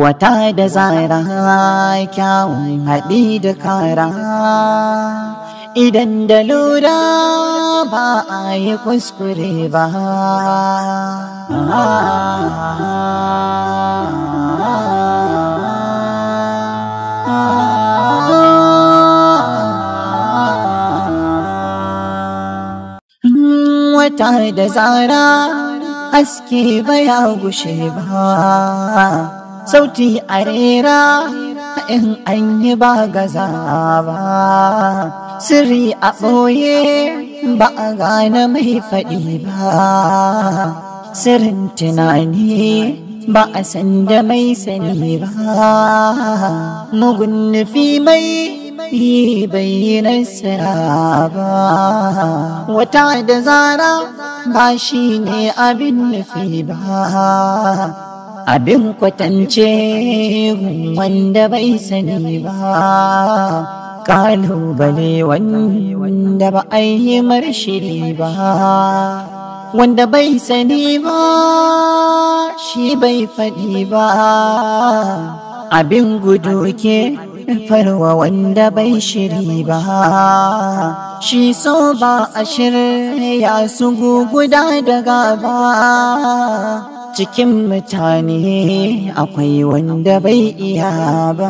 wata da zara kyawun haɗi da kara idan da lura ba a yi kuskure ba wata da zara haske baya gushe ba sauti a rera in an yi ba gaza ba sirri a ɓoye ba a gane mai faɗi ba sirrin tunani ba a sanda mai sani ba mugun nufi mai yi bayyanar sira ba wata da zara ba shi ne abin nufi ba abin kwatance wanda bai sani ba kalubale wanda ba a yi marshiri ba wanda bai sani ba shi bai faɗi ba abin gudu ke farwa wanda bai shiri ba shi so ba a shirya su guguda daga ba cikin mutane akwai wanda bai iya ba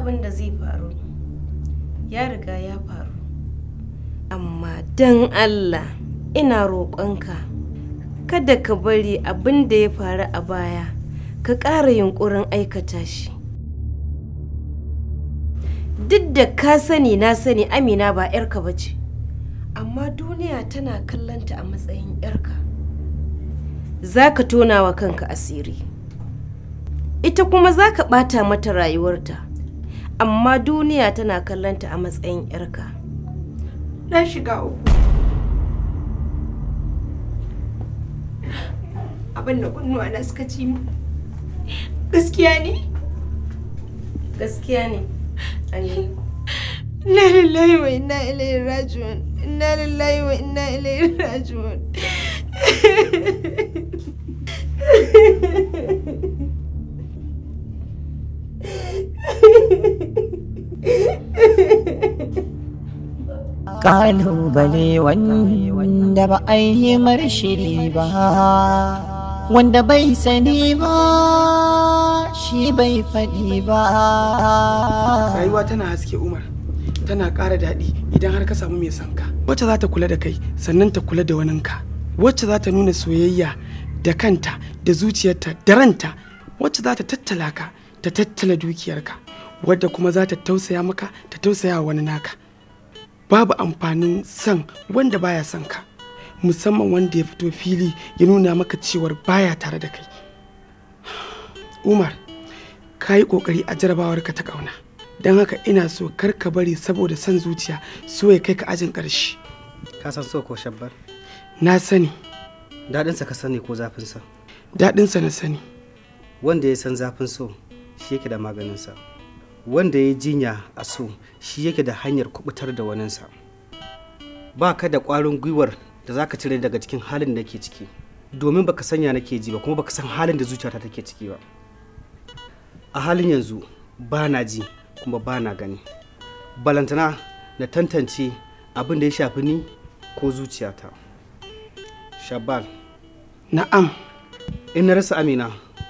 abin da zai faru ya riga ya faru amma don allah ina roƙonka kada ka bari abin da ya faru a baya ka ƙara yunƙurin aikata shi duk da ka sani na sani amina ba 'yarka ba ce amma duniya tana kallonta a matsayin 'yarka za ka tona wa kanka asiri ita kuma za ka ɓata mata rayuwarta amma duniya tana kallonta a matsayin 'yarka. Na shiga uku. Abin da kunnuwa na suka ci mu. Gaskiya ne? Gaskiya ne. Inna lillahi wa inna ilaihi raji'un. Inna lillahi wa inna ilaihi raji'un. kalubale wanda ba a yi marshiri ba wanda bai sani ba shi bai faɗi ba rayuwa tana haske umar tana ƙara daɗi idan har ka samu mai sanka wacce za ta kula da kai sannan ta kula da waninka wacce za ta nuna soyayya da kanta da zuciyarta da ranta wacce za ta tattala ka ta tattala dukiyarka wadda kuma za ta tausaya maka ta tausaya wani naka babu amfanin san wanda baya son ka musamman wanda ya fito fili ya nuna maka cewar baya tare da kai umar ka yi kokari a jarabawarka ta kauna don haka ina so kar ka bari saboda son zuciya so ya kai ka ajin ƙarshe ka san so ko shabbar na sani daɗinsa ka sani ko zafinsa daɗinsa na sani wanda ya san zafin so shi yake da maganinsa wanda ya jinya a so shi yake da hanyar kubutar da waninsa ba ka da ƙwarin gwiwar da za ka cire daga cikin halin da ke ciki domin baka sanya nake ji ba kuma baka san halin da zuciyata take ciki ba a halin yanzu ba na ji kuma ba na gani balantana na tantance abin da ya shafi ni ko zuciyata shabal na'am in na rasa amina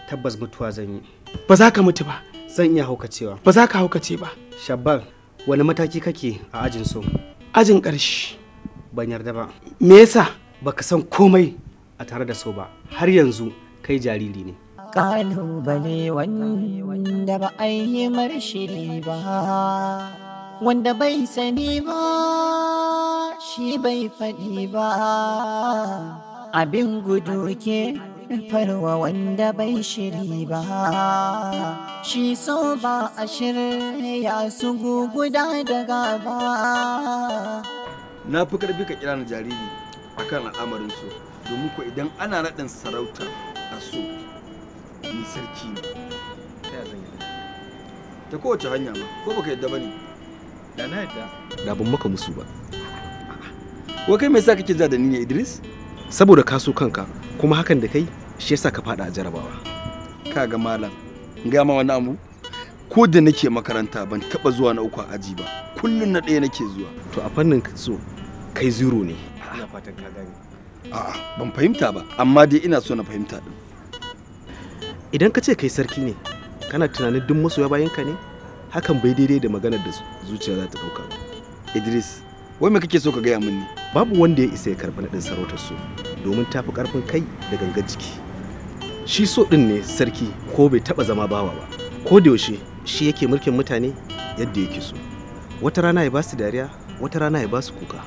tabbas mutuwa zan yi ba za ka mutu ba zan iya haukacewa ba za ka haukace ba shabban wani mataki kake a ajin so ajin ƙarshe ban yarda ba me yasa baka san komai a tare da so ba har yanzu kai jariri ne ƙalubale wanda ba a yi marshiri ba wanda bai sani ba shi bai faɗi ba abin gudu ke farwa wanda bai shiri ba shi so ba a shirya su guguda da gaba na fi karfi ka kira na jariri akan al'amarin su domin ko idan ana naɗin sarauta a so ni sarki ne ta kowace hanya ba ko baka yadda ba ne da na yadda da ban maka musu ba wa kai mai sa kake za da ni ne idris saboda ka so kanka kuma hakan da kai shi yasa ka fada a jarabawa ga malam ga ma wani abu ko da nake makaranta ban taba zuwa na uku a aji ba kullun na ɗaya nake zuwa to a fannin so kai zero ne ina fatan ka gane a'a ban fahimta ba amma dai ina so na fahimta din idan ka ce kai sarki ne kana tunanin duk masoya ka ne hakan bai daidai da maganar da zuciya za ta ɗauka idris wai me kake so ka gaya mini babu wanda ya isa ya karɓi naɗin sarautar su domin tafi karfin kai da gangan jiki shi so ɗin ne sarki ko bai taɓa zama bawa ba ko da yaushe shi yake mulkin mutane yadda yake so wata rana ya ba su dariya wata rana ya ba su kuka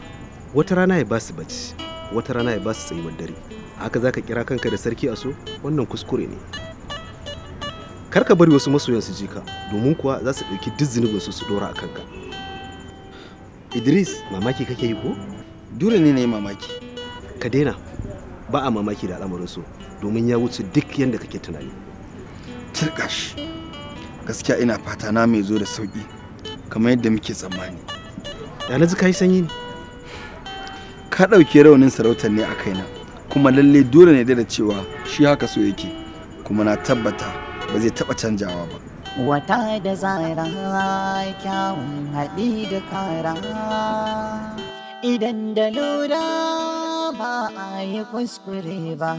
wata rana ya ba su bacci wata rana ya ba su tsayuwar dare haka zaka kira kanka da sarki a so wannan kuskure ne kar ka bari wasu masoyan su ji ka domin kuwa za su ɗauki duk zunubin su su ɗora a kanka Idris mamaki kake yi ko? Dole ne na yi mamaki. Ka daina ba a mamaki da al'amarin domin ya wuce duk yadda kake tunani. Tirkash gaskiya ina fata na mai zo da sauki kamar yadda muke tsammani. Yanzu ka yi sanyi ne? Ka ɗauke raunin sarautar ne a kaina kuma lalle dole ne da cewa shi haka so yake kuma na tabbata ba zai taɓa canjawa ba. wata da zara kyawun haɗi da kara idan da lura ba a yi kuskure ba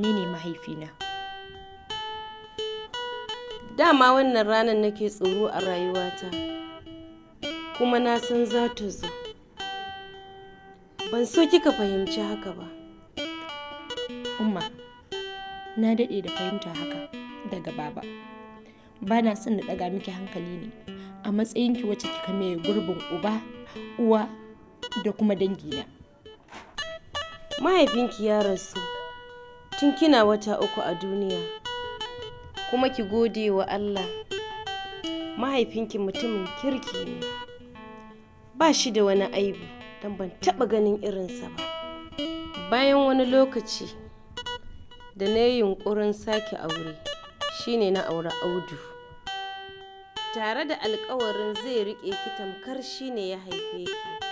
wane ne mahaifina dama wannan ranar nake tsoro a rayuwata kuma na san za ta zo ban so kika fahimci haka ba umma na daɗe da fahimta haka daga baba ba na son na ɗaga miki hankali ne a matsayinki wacce kika mai gurbin uba uwa da kuma dangina mahaifinki ya rasu tun kina wata uku a duniya kuma ki gode wa Allah mahaifinki mutumin kirki ne ba shi da wani aibu don ban taɓa ganin irinsa ba bayan wani lokaci da na yi yunƙurin sake aure shine na aure audu tare da alkawarin zai riƙe ki tamkar ne ya haife ki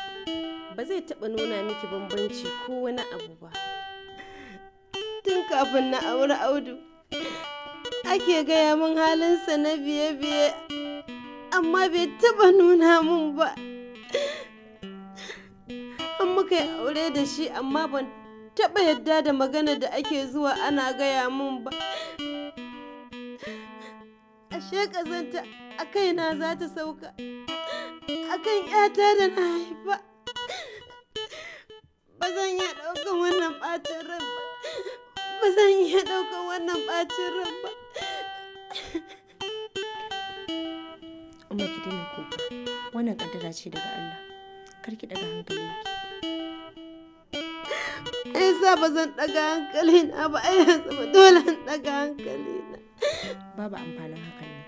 ba zai taɓa nuna miki bambanci ko wani abu ba tun kafin na auri audu ake gaya min halinsa na biye-biye amma bai taba nuna min ba an muka yi aure da shi amma ban taba yadda da magana da ake zuwa ana gaya min ba ashe kazanta a kaina za ta sauka akan yata da na haifa ba zan iya ɗaukan wannan ɓacin ran ba ba zan iya ɗaukar wannan ɓacin ran ba. Amma ki daina kuka, wannan ƙaddara ce daga Allah, kar ki ɗaga hankalinki. Ai sa ba zan ɗaga hankalina ba, ai yanzu ba dole in ɗaga hankalina. Babu amfanin hakan ne.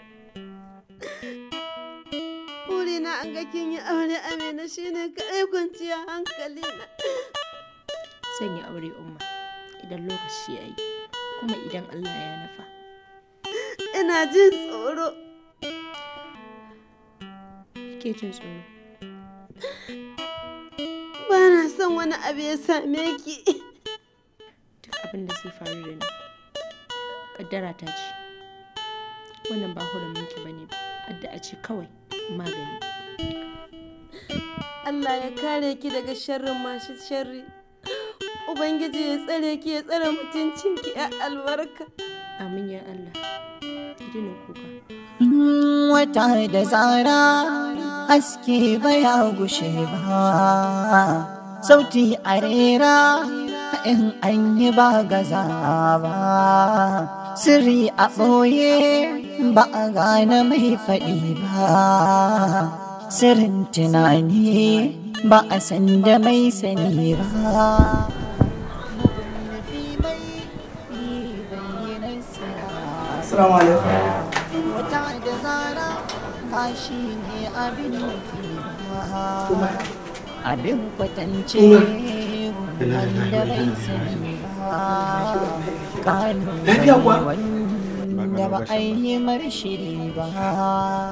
Burina an ga kin yi aure Amina shine kaɗai kwanciyar hankalina. Sanya aure umma. idan lokaci ya yi kuma idan Allah ya nufa. Ina jin tsoro. Ke jin tsoro. Ba na son wani abu ya same ki. Duk abin da zai faru da ni. Kaddara ta ce. Wannan ba minki ba ne ba. a ce kawai magani. Allah ya kare ki daga sharrin masu sharri. Ubangiji ya tsare ki ya tsare ki ya albarka. Amin ya Allah. Ki kuka. Wata da zara haske baya gushe ba. Sauti a rera in an yi ba gaza ba. Sirri a ɓoye ba a gane mai faɗi ba. Sirrin tunani ba a san da mai sani ba. Assalamu alaikum. Wata da zara kashi ne abin nufi abin kwatance wanda bai sani ba wanda ba a yi marshiri ba.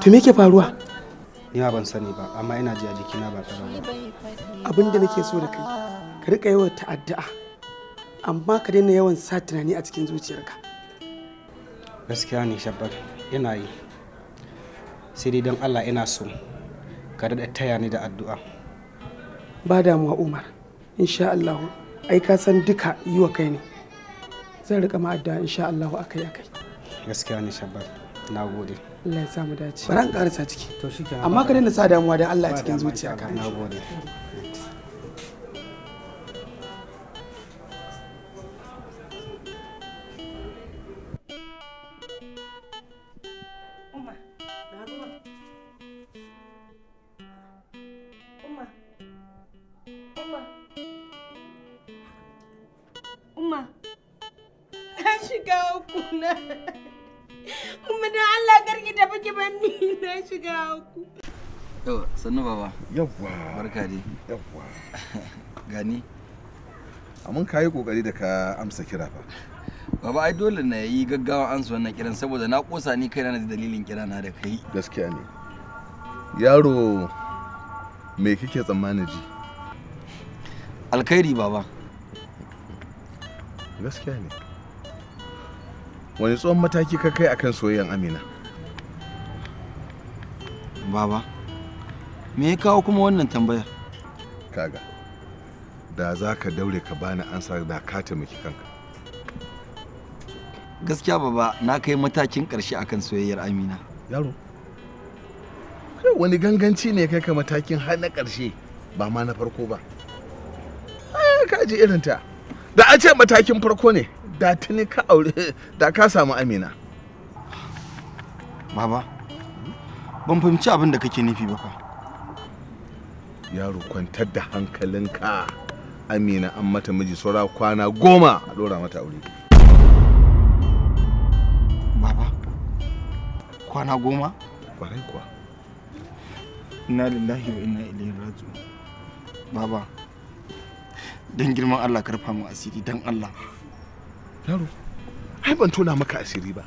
To me ke faruwa? Ni ban sani ba amma ina ji a jikina ba tsara ba. Abin da nake so da kai ka riƙa yawan ta'addu'a amma ka daina yawan sa tunani a cikin zuciyarka. gaskiya ne shabbar ina yi sai dai don allah ina so ka da taya ni da addu'a ba damuwa umar insha allah ai ka san duka yi wa kai ne zan rika ma addu'a insha allah akai akai gaskiya ne shabbar na gode allah ya samu dace ba an karisa ciki amma ka daina sa damuwa don allah a cikin zuciya ka na gode na shiga uku yau sannu baba yawwa barka dai yawwa gani amin kayi kokari da ka amsa kira fa baba ai dole na yi gaggawa an wannan kiran saboda na kosa ni kai na dalilin kira na da kai gaskiya ne yaro me kike tsammanin ji alkhairi baba gaskiya ne wani tsohon mataki ka kai akan soyayyan amina Baba, me ya kawo kuma wannan tambaya? Kaga, da za ka daure ka bani ansa da ka taimaki kanka. Gaskiya baba na kai matakin ƙarshe akan soyayyar Amina. Yaro, wani ganganci ne kai ka matakin har na ƙarshe ba ma na farko ba. Ah, ka ji irinta, da a ce matakin farko ne, da tuni ka aure, da ka samu Amina. Baba, ban fahimci abin da kake nufi ba fa yaro kwantar da hankalinka amina an mata miji saura kwana goma a dora mata aure baba kwana goma kwarai kuwa inna lillahi wa inna ilaihi raji'un baba don girman allah karfa mu asiri don allah yaro ai ban tona maka asiri ba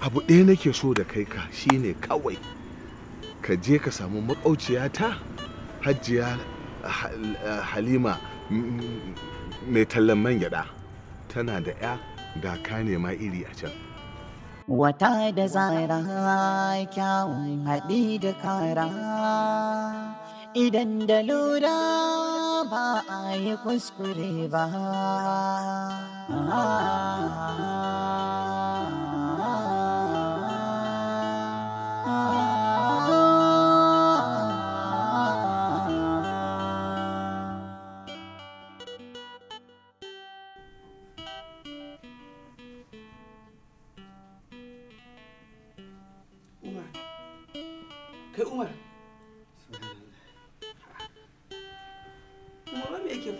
abu ɗaya nake so da kai ka shine kawai ka je ka samu makauciya ta hajjiya eh, eh, halima mm, mm, mai tallan man gyada tana da ya ga ka nema iri a can wata da zara kyawun haɗi da kara idan da lura ba a yi kuskure ba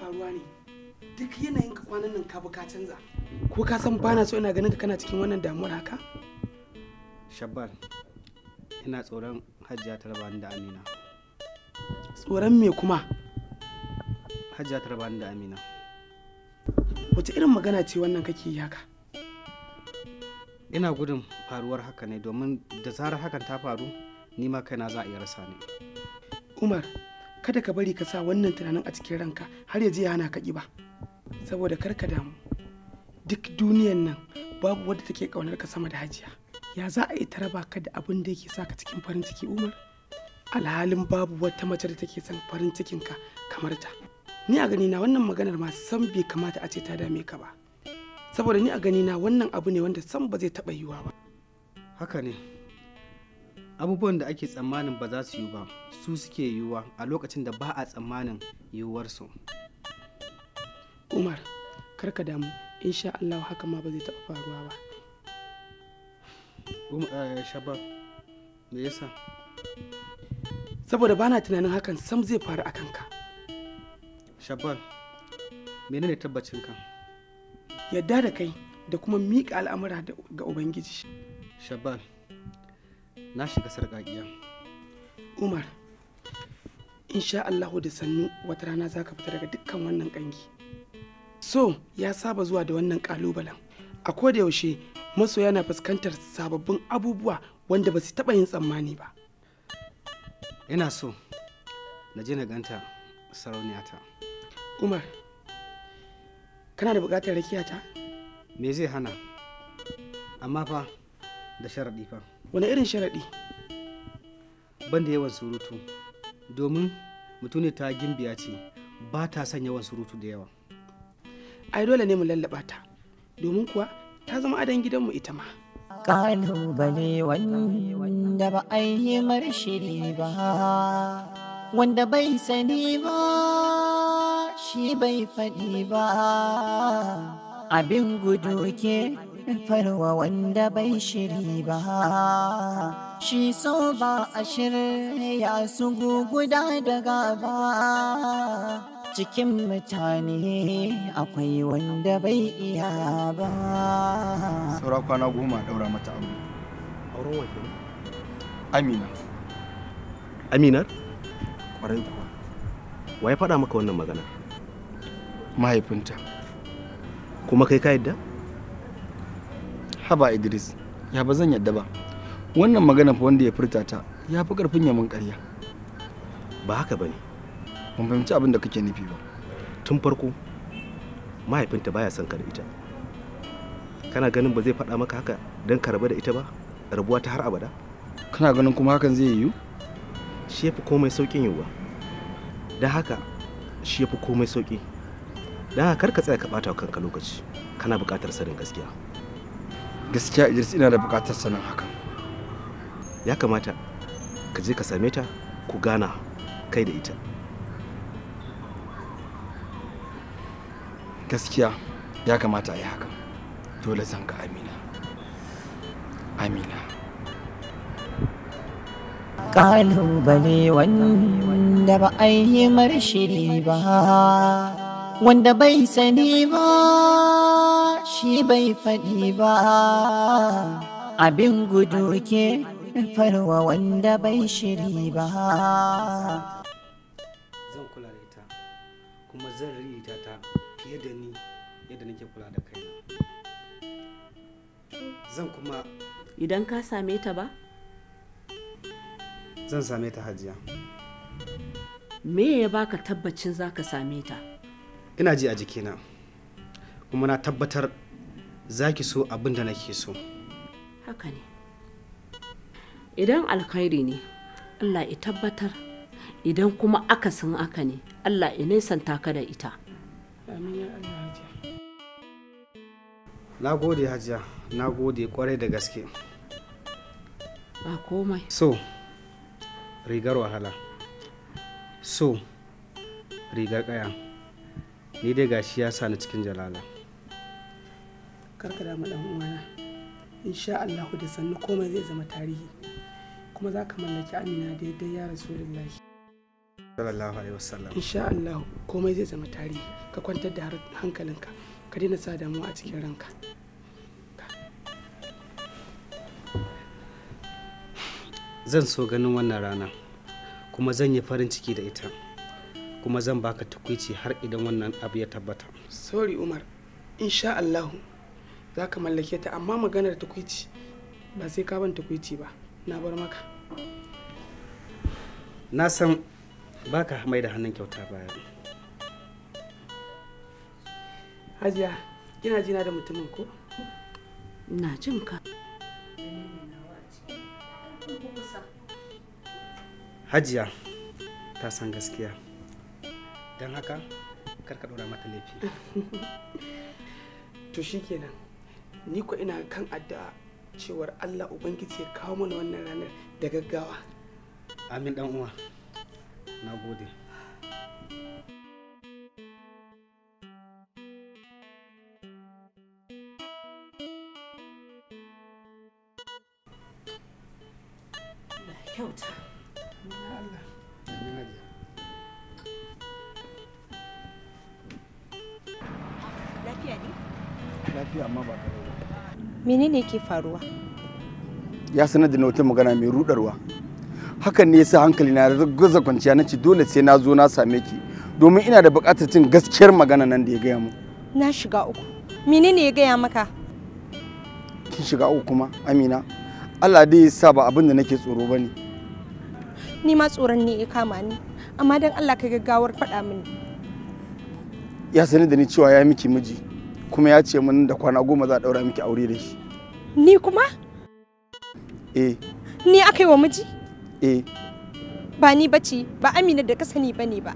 faruwa ne duk yanayin ka kwanan nan ka ka canza ko ka san bana so ina ganin ka kana cikin wannan damuwar haka shabbal ina tsoron hajjiya ta raba da amina tsoron me kuma hajjiya ta raba da amina wace irin magana ce wannan kake yi haka ina gudun faruwar haka ne domin da zarar hakan ta faru ni ma kaina za a iya rasa ni umar kada ka bari ka sa wannan tunanin a cikin ranka har ya je ya hana ka ƙiba saboda kar ka damu duk duniyan nan babu wadda take ƙaunar ka sama da hajiya ya za a yi ta raba ka da abin da yake sa ka cikin farin ciki umar alhalin babu wata mace da take son farin cikin ka kamar ta ni a gani na wannan maganar ma san bai kamata a ce ta dame ka ba saboda ni a gani na wannan abu ne wanda san ba zai taɓa yiwuwa ba haka ne abubuwan da ake tsammanin ba za su yi ba su suke yiwuwa a lokacin da ba a tsammanin yiwuwarsu umar karka damu insha Allah haka ma ba zai taɓa faruwa ba umm, eh, shabab me yasa saboda bana tunanin hakan sam zai faru a kanka shabab menene tabbacin ka yadda da kai da kuma miƙa al'amura ga ubangiji shabab na shiga sarƙaƙiya umar insha allahu da sannu wata rana za ka fita daga dukkan wannan ƙangi so ya saba zuwa da wannan ƙalubalen a koda yaushe masoya na fuskantar sababbin abubuwa wanda ba su taɓa yin tsammani ba ina so na je na ganta sarauniyata umar kana da buƙatar rakiyata me zai hana amma fa da sharaɗi fa wani irin sharaɗi ban da yawan surutu domin mutum ta gimbiya ce ba ta son yawan surutu da yawa ai dole ne mu lallaba ta domin kuwa ta zama adon gidanmu ita ma ƙalubale wanda ba a yi marshiri ba wanda bai sani ba shi bai faɗi ba abin gudu ke farwa wanda bai shiri ba shi so ba a ya su guguda daga ba cikin mutane akwai wanda bai iya ba. Saura kwana goma daura mata aure. Auren wajen? Amina. Aminar? Kwarai kuwa. Wa ya faɗa maka wannan magana? Mahaifinta. Kuma kai ka yadda? haba idris ya ba zan yadda ba wannan magana fa wanda ya furta ta ya fi karfin yamin ƙarya ba haka bane ban fahimci abin da kake nufi ba tun farko mahaifinta baya son ka da ita kana ganin ba zai faɗa maka haka don ka da ita ba rabuwa ta har abada kana ganin kuma hakan zai yiwu shi yafi komai saukin yiwuwa don haka shi yafi komai sauki don haka kar ka tsaya ka ɓata kanka lokaci kana buƙatar sanin gaskiya gaskiya idris ina da bukatar sanin hakan ya kamata ka je ka same ta ku gana kai da ita gaskiya ya kamata a yi hakan dole zan ga amina amina bane wanda ba a yi marshiri ba wanda bai sani ba shi bai faɗi ba abin gudu ke farwa wanda bai shiri ba zan kula da ita kuma zan ririta ta fiye da ni yadda nake kula da kai zan kuma idan ka same ta ba zan same ta hajiya me ya baka tabbacin za ka same ta ina ji a jikina kuma na tabbatar za ki so abin da nake so haka ne idan alkhairi ne allah ya tabbatar idan kuma aka akasin aka ne allah ya nisanta ka da ita na gode hajiya na gode kwarai da gaske ba komai so rigar wahala so rigar kaya ni dai gashi ya sa ni cikin jalala karka damu dan uwana insha Allah da sannu komai zai zama tarihi kuma za ka mallaki amina daidai ya rasulullahi sallallahu alaihi wasallam insha Allah komai zai zama tarihi ka kwantar da hankalinka ka daina sa damuwa a cikin ranka zan so ganin wannan rana kuma zan yi farin ciki da ita kuma zan baka tukwici har idan wannan abu ya tabbata sorry umar insha Allah za ka mallake ta amma maganar kuici ba sai ka ban kuici ba na bar maka na san ba ka mai da hannun kyauta baya hajiya kina jina da mutumin ko na jin ka hajiya ta san gaskiya don haka karka ɗora mata laifi to shikenan ni ko ina kan addu'a cewar Allah ubangiji ya kawo mana wannan ranar da gaggawa amin dan uwa na gode menene yake faruwa ya sanar da wata magana mai rudarwa hakan ne yasa hankali na gaza kwanciya na ce dole sai na zo na same ki domin ina da buƙatar cin gaskiyar magana nan da ya gaya mu na shiga uku menene ya gaya maka kin shiga uku kuma amina Allah dai ya sa ba abin da nake tsoro bane ni ma tsoron ne ya kama ni amma dan Allah ka gaggawar faɗa mini ya sani da ni cewa ya miki miji kuma ya ce min da kwana goma za a ɗaura miki aure da shi Ni kuma? Eh. Ni aka yi wa miji? Eh. Ba ni bace, ba Amina da ka sani bane ba.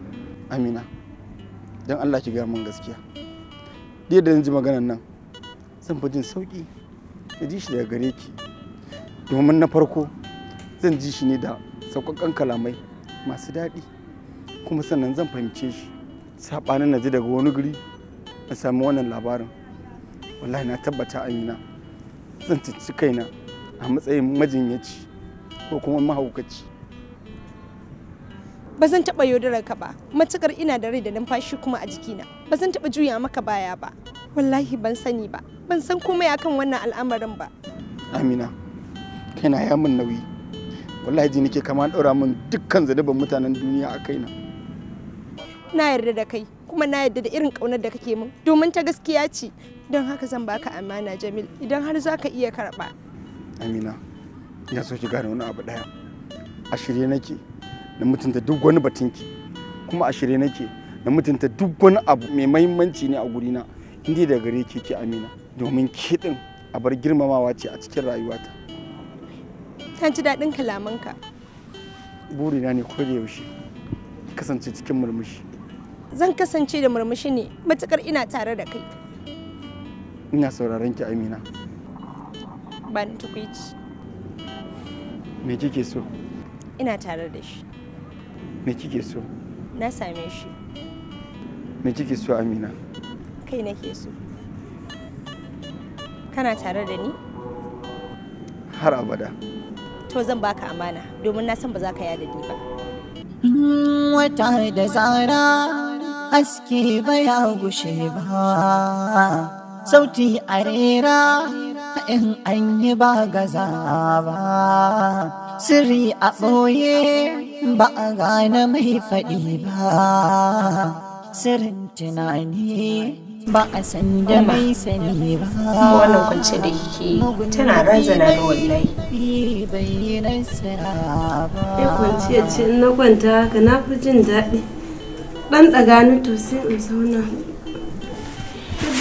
Amina, don Allah ki gaya min gaskiya. Da yadda ji maganar nan, zan fi jin sauƙi da ji shi daga gare ki. Domin na farko, zan ji shi ne da sauƙaƙƙen kalamai masu daɗi. Kuma sannan zan fahimce shi. Saɓanin na ji daga wani guri, na sami wannan labarin. Wallahi na tabbata Amina. zan cici kaina a matsayin majinyaci ko kuma mahaukaci ba zan taɓa yaudarar ka ba matukar ina da rai da numfashi kuma a jikina ba zan taɓa juya maka baya ba wallahi ban sani ba ban san komai akan wannan al'amarin ba amina kaina ya min nauyi wallahi ji nake kama ɗaura min dukkan zanuban mutanen duniya a kaina na yarda da kai kuma na yarda da irin kaunar da kake min domin ta gaskiya ce don haka zan baka amana jamil idan har za ka iya karɓa amina ina so ki gane wani abu ɗaya a shirye nake na mutunta duk wani batunki kuma a shirye nake na mutunta duk wani abu mai mahimmanci ne a gurina inda da gare ki ki amina domin ke din abar girmamawa ce a cikin rayuwata kan ji daɗin kalamanka burina ne ko da yaushe kasance cikin murmushi zan kasance da murmushi ne matukar ina tare da kai ina sauraron ki amina ban tukwici me kike so ina tare da shi me kike so na same shi me kike so amina kai nake so kana tare da ni har abada to zan baka amana domin na san ba za ka yada ni ba mm, wata da tsara aski baya gushe ba sauti a rera in an yi ba gaza ba sirri a ɓoye ba a gane mai faɗi ba sirrin tunani ba a san da mai sani ba wannan kwance da yake tana razana da wallahi bayyanar sara ba ya kwance ce na kwanta haka na fi jin daɗi ɗan ɗaga ni to sai in zauna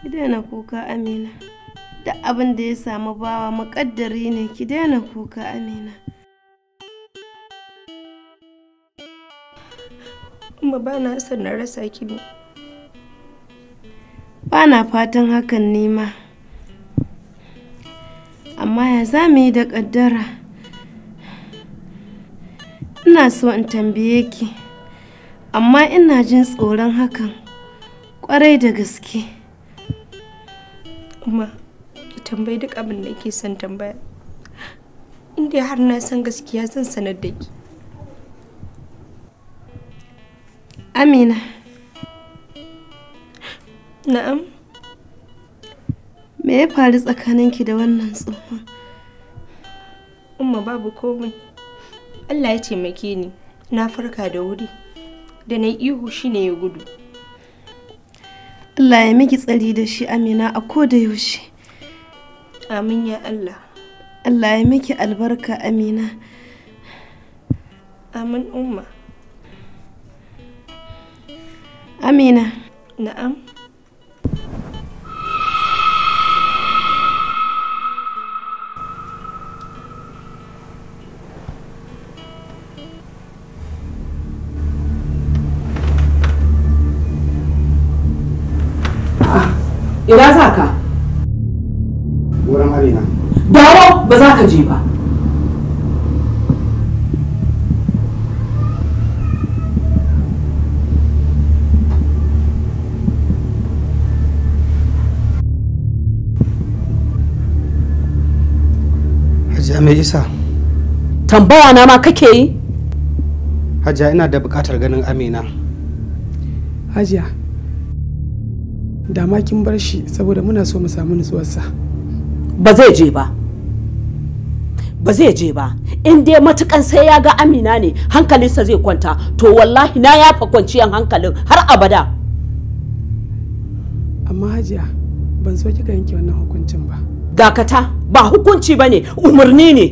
ki daina kuka amina duk abin da ya samu bawa makaddari ne ki daina kuka amina kuma ba na son na rasa ki ne ba na fatan hakan nema amma ya za mu yi da ƙaddara ina so in tambaye ki amma ina jin tsoron hakan kwarai da gaske kuma tambayi duk abin da ke son tambaya inda har na san gaskiya zan sanar da ki amina na'am me ya faru tsakaninki da wannan tsohon umma babu komai Allah ya taimake ni na farka da wuri da na ihu shine ya gudu Allah ya miki tsari da shi amina a ko da yaushe amin ya Allah Allah ya miki albarka amina amin umma amina na'am ina za ka wurin amina dawo ba za ka je ba Hajiya mai isa. Tambaya na ma kake yi? Hajiya ina da bukatar ganin Amina. Hajiya, da ma kin bar shi saboda muna so mu samu nutsuwarsa ba zai je ba ba zai je ba in dai matukan sai ya ga amina ne hankalinsa zai kwanta to wallahi na yafa kwanciyar hankalin har abada amma hajiya ban so kika yanke wannan hukuncin ba dakata ba hukunci ba ne umarni ne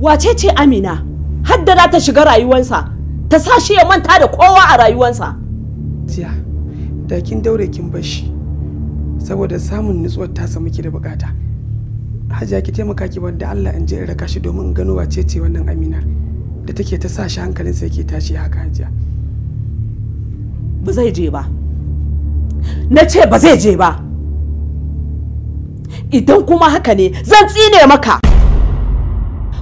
wace ce amina haddana ta shiga rayuwansa ta sa shi ya manta da kowa a rayuwansa jiya da kin daure kin bar shi saboda samun nutsuwar tasa muke da bukata hajiya ki taimaka ki bar da Allah in je in raka shi domin in gano wace ce wannan aminar da take ta sa shi hankalinsa yake tashi haka hajiya ba zai je ba na ce ba zai je ba idan kuma haka ne zan tsine maka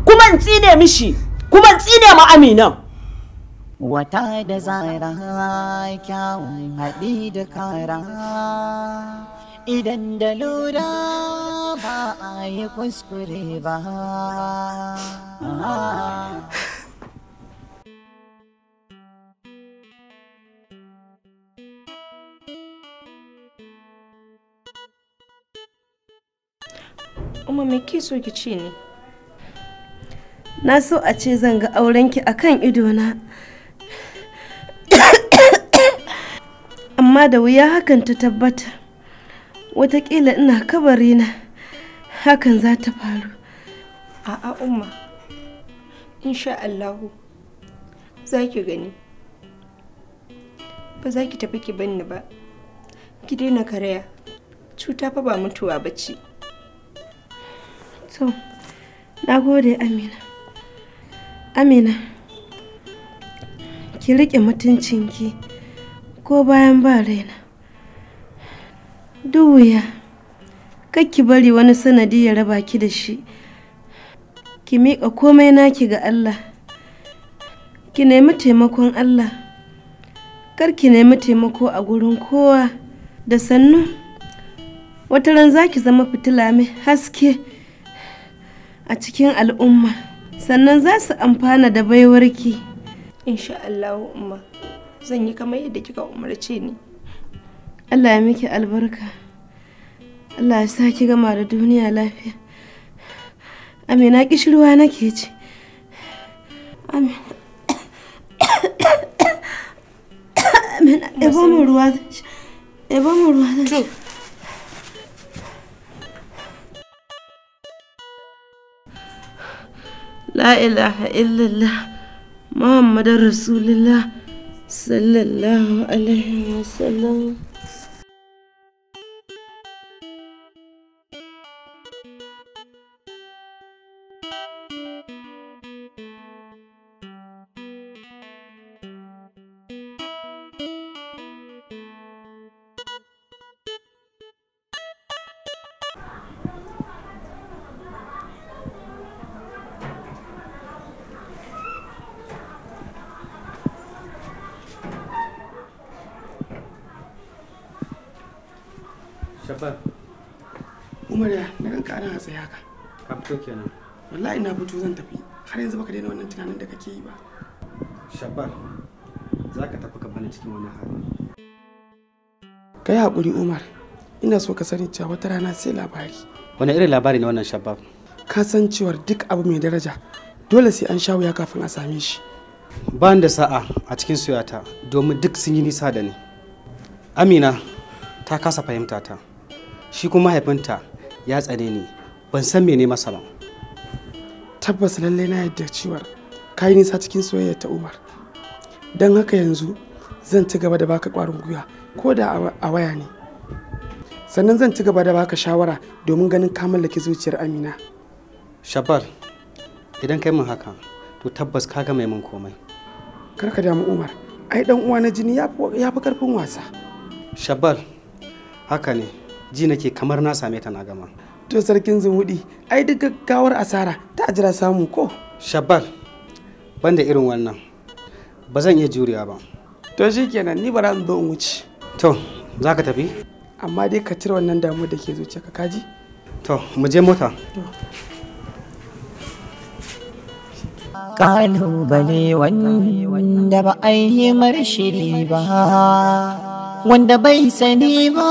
kuma in tsine mishi kuma in tsine ma aminan wata da zara kyawun haɗi da kara idan da lura ba a yi kuskure ba Umma me ke so ki ce ne? Na so a ce zan ga aurenki a kan idona. amma da wuya hakan ta tabbata watakila ina kabari na hakan za ta faru a'a umma insha allahu za ki gani ba za ki tafi ki banni ba ki daina karaya cuta fa ba mutuwa ba ce so na gode amina amina ki riƙe mutuncinki ko bayan ba raina duk wuya ki bari wani sanadi ya raba ki da shi ki miƙa komai naki ga Allah ki nemi taimakon Allah kar ki nemi taimako a gurin kowa da sannu wata ran za ki zama fitila mai haske a cikin al'umma sannan za su amfana da baiwarki insha Allah umma zan yi kamar yadda kika umarce ni Allah ya miki albarka Allah ya sa ki gama da duniya lafiya Amina kishirwa nake ci Amin Amina ebo mu ruwa ebo mu ruwa La ilaha illallah muhammadur Rasulullah صلى الله عليه وسلم Shabban. Umar ya na ka ana hatsi haka. Ka fito kenan. Wallahi na fito zan tafi. Har yanzu baka daina wannan tunanin da kake yi ba. Shabban. Za ka tafi ka bani cikin wani hali. Ka yi haƙuri Umar. Ina so ka sani cewa wata rana sai labari. Wani irin labari ne wannan shabab. Ka san cewar duk abu mai daraja dole sai an sha wuya kafin a same shi. Ban da sa'a a cikin soyata domin duk sun yi nisa da ni. Amina ta kasa fahimta ta. shi kuma mahaifinta ya tsane ni ban san mene masa ba tabbas lallai na yadda cewar ka yi nisa cikin soyayya ta umar don haka yanzu zan ci gaba da baka kwarin gwiwa ko da a waya ne sannan zan ci gaba da baka shawara domin ganin ka mallaki zuciyar amina shabar idan kai min haka to tabbas ka gama min komai kar ka damu umar ai dan uwa na jini ya fi karfin wasa shabar haka ne ji nake kamar na same ta na gama to sarkin zumuɗi ai duk gaggawar asara ta jira samu ko shabbal banda irin wannan ba zan iya juriya ba to shi kenan ni ba zan zo in wuce to za ka tafi amma dai ka cire wannan damuwar da ke zuciya ka kaji to mu je mota kalubale wanda ba a yi marshiri ba wanda bai sani ba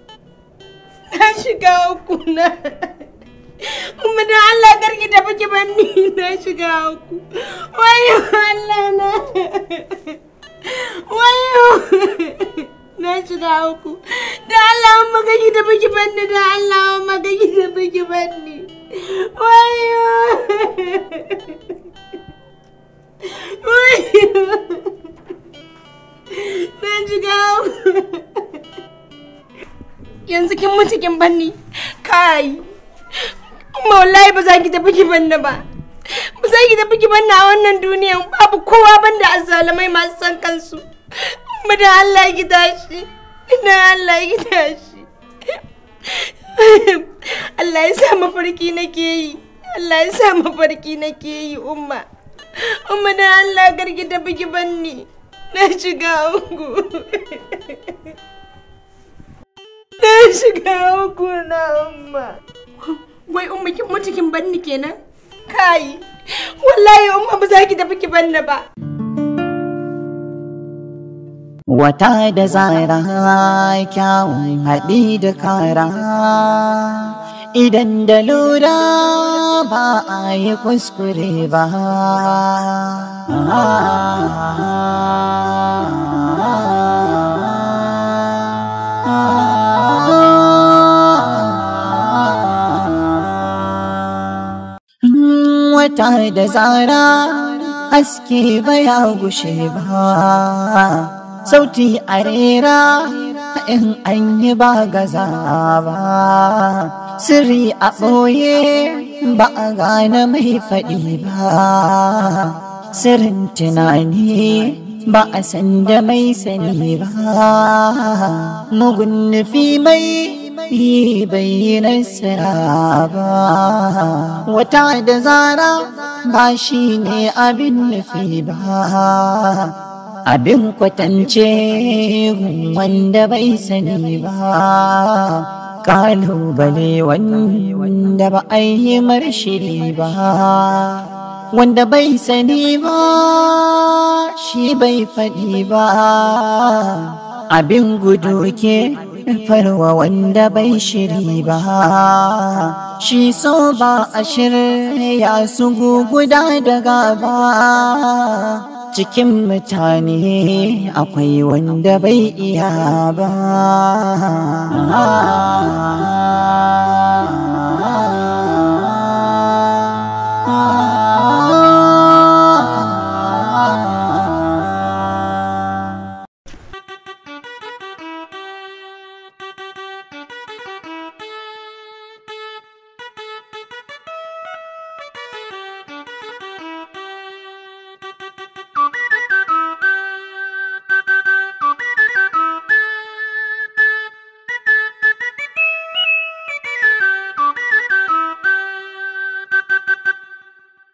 na shiga uku na kuma da Allah karki tafi ki ni na shiga uku wayo Allah na wayo na shiga uku da Allah amma kake tafi ki ni da Allah amma kake tafi ki ni wayo wayo na shiga uku yanzu kin mutu kin banni kai wallahi ba za ki tafi ki banna ba ba za ki tafi ki banna a wannan duniya babu kowa banda azzalumai masu san kansu mu da Allah ki tashi da Allah ki tashi Allah ya sa mafarki nake yi Allah ya sa mafarki nake yi umma umma da Allah garki tafi ki banni na shiga ungu na shiga uku umma wai umma kin mutu kin banni kenan kai wallahi umma ba za ki tafi ki banna ba wata da zara kyawun haɗi da kara idan da lura ba a yi kuskure ba wata da zara aski baya gushe ba sauti a rera in an yi ba gaza ba sirri a ɓoye ba a gane mai faɗi ba sirrin tunani ba a sanda mai sani ba mugun nufi mai bai bayyanar ba wata da zara ba shi ne abin nufi ba abin kwatance wanda bai sani ba kalubale wanda ba a yi marshiri ba wanda bai sani ba shi bai faɗi ba abin gudu ke farwa wanda bai shiri ba shi so ba a shirya su guguda daga ba cikin mutane akwai wanda bai iya ba